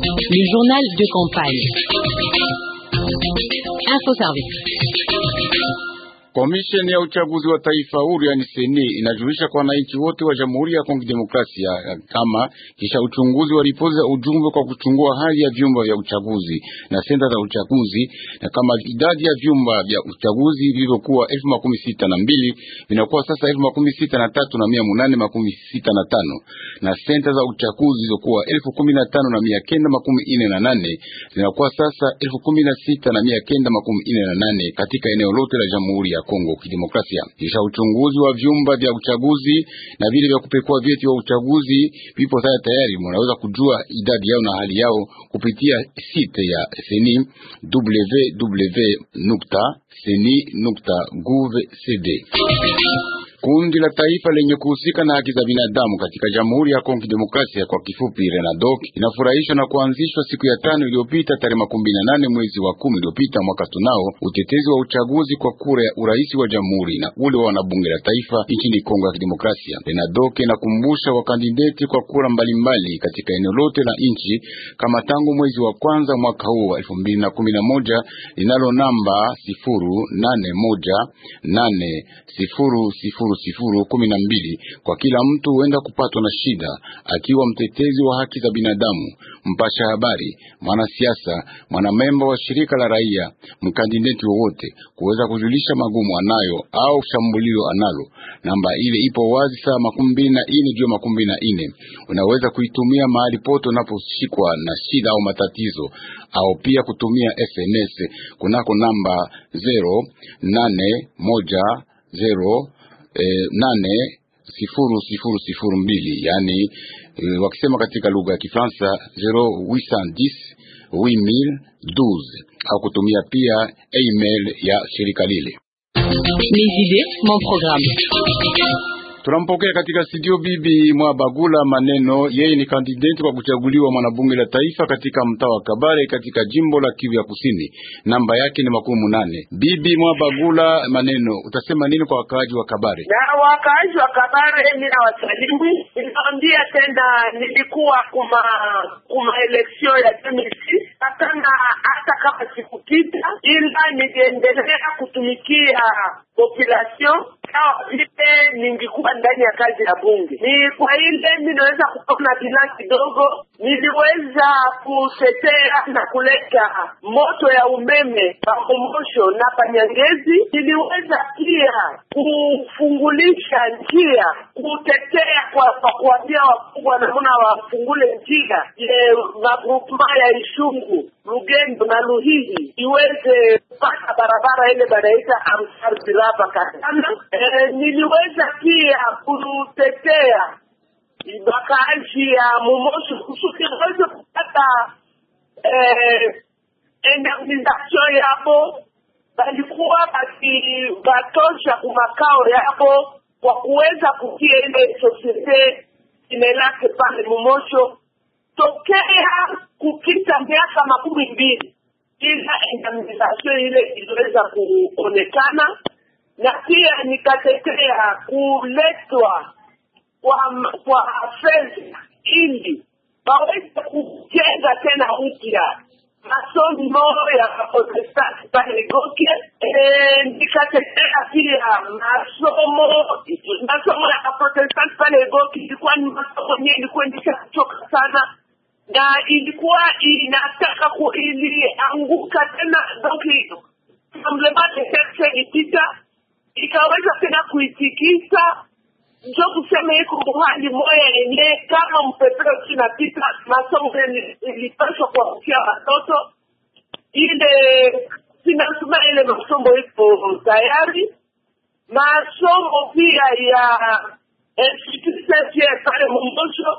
Le journal de campagne. Info service. Komisheni ya uchaguzi wa taifa huru yani seni inajulisha kwa wananchi wote wa Jamhuri ya Kongo Demokrasia kama kisha uchunguzi wa ripoti za ujumbe kwa kuchungua hali ya vyumba vya uchaguzi na senta za uchaguzi, na kama idadi ya vyumba vya uchaguzi vilivyokuwa elfu makumi sita na mbili vinakuwa sasa elfu makumi sita na tatu na mia munane makumi sita na tano na senta za uchaguzi zilizokuwa elfu kumi na tano na mia kenda makumi ine na nane zinakuwa sasa elfu kumi na sita na mia kenda makumi ine na nane katika eneo lote la Jamhuri ya Kongo Kidemokrasia. Kisha uchunguzi wa vyumba vya uchaguzi na vile vya kupekua vyeti wa uchaguzi vipo sasa tayari, mnaweza kujua idadi yao na hali yao kupitia site ya seni www.seni.gov.cd. Kundi la taifa lenye kuhusika na haki za binadamu katika Jamhuri ya Kongo Kidemokrasia kwa kifupi RENADOC inafurahishwa na kuanzishwa siku ya tano iliyopita tarehe makumi na nane mwezi wa kumi iliyopita mwaka tunao utetezi wa uchaguzi kwa kura ya urais wa jamhuri na ule wa wanabunge la taifa nchini Kongo ya Kidemokrasia. RENADOC inakumbusha wakandideti kwa kura mbalimbali katika eneo lote la nchi kama tangu mwezi wa kwanza mwaka huu wa elfu mbili na kumi na moja linalo namba sifuru nane moja nane sifuru sifuru mbili kwa kila mtu huenda kupatwa na shida. Akiwa mtetezi wa haki za binadamu, mpasha habari, mwanasiasa, mwanamemba wa shirika la raia, mkandideti wowote kuweza kujulisha magumu anayo au shambulio analo, namba ile ipo wazi saa makumi mbili na ine juu ya makumi mbili na ine. Unaweza kuitumia mahali pote unaposhikwa na shida au matatizo, au pia kutumia SMS kunako namba zero nane moja zero eh, nane sifuru sifuru sifuru mbili, yani eh, wakisema katika lugha ya Kifaransa 0810 au kutumia pia email ya shirika lile. Mes idées mon programme Tunampokea katika studio bibi mwa Bagula Maneno, yeye ni kandidenti kwa kuchaguliwa mwanabunge la taifa katika mtaa wa Kabare katika jimbo la Kivu ya Kusini. Namba yake ni makumi munane. Bibi mwa Bagula Maneno, utasema nini kwa wakaaji wa Kabare? Na wakaaji wa Kabare na wasalimu, ninaambia tena, nilikuwa kuma kuma election ya 2006 hatana hata kama sikupita, ila niliendelea kutumikia population ningekuwa ndani ya kazi ya bunge ni kwa ile, mimi naweza kuona bila kidogo niliweza kutetea na kuleta moto ya umeme Pangomosho na Panyangezi. Niliweza pia kufungulisha njia, kutetea kwa, kwa kuambia wakubwa namna wafungule njia ile magrupma ya Ishungu, Lugendo na Luhihi iweze kupata barabara ile banaita Amsar Biraba Katana. E, niliweza pia kutetea wakaaji ya Momosu kusuki waweze kupata eh, indemnisation yabo, balikuwa wakibatoza kumakao yabo kwa kuweza kutia ile sosiete inelake pale mumosho tokea kukita miaka makumi mbili ila indemnisation ile iliweza kuonekana, na pia nikatetea kuletwa kwa kwa French ili waweze kujenga tena upya masomo ya Protestanti pale Goke eh, nikatetea pia masomo masomo ya Protestanti pale Goke ilikuwa ni masomo yenyewe ilikuwa ndisha kuchoka sana na ilikuwa inataka ku ilianguka tena donc Rassemblement des ilipita ikaweza tena kuitikisa ndio kusema iko hali moya yenye kama mpepeo kinapita masomo ilipashwa kuamkia watoto ile sinasema ile masomo ipo tayari, masomo pia ya pale Mombosho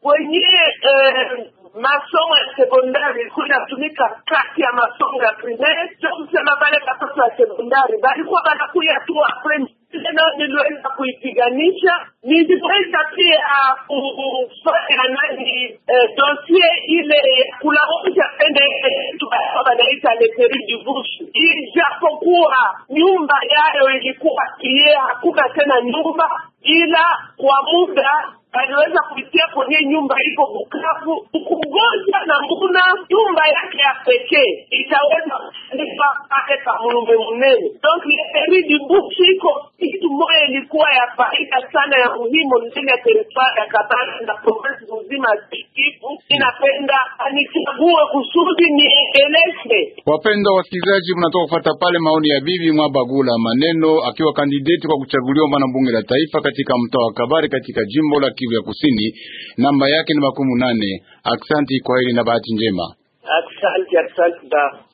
kwenye eh, masomo ya sekondari ilikuwa inatumika kati ya masomo ya primaire, ndio kusema bale watoto ya sekondari balikuwa banakuya tu apres tena niliweza kuipiganisha, niliweza pia ah, kufanya nani eh, dosie ile kulausha pende yetu wanaita leperi divushu, ijapokuwa nyumba yayo ilikuwa kie, hakuna tena nyumba, ila kwa muda aliweza kupitia kwenye nyumba iko Bukavu ukungoja na mbuna nyumba yake ya pekee itaweza kuandikwa pale pa mulume mnene donc leperi divushu iko moyo ilikuwa ya faida sana ya muhimu ndani ya teritoa ya Kabare na provensi mzima ya Kivu. Inapenda anichague kusudi niendeleze. Wapenda wasikilizaji, mnatoka kufata pale maoni ya bibi Mwabagula maneno akiwa kandideti kwa kuchaguliwa mwana bunge la taifa katika mtaa wa Kabare katika jimbo la Kivu ya Kusini. Namba yake ni makumi nane. Aksanti kwa hili na bahati njema. Aksanti, aksanti da.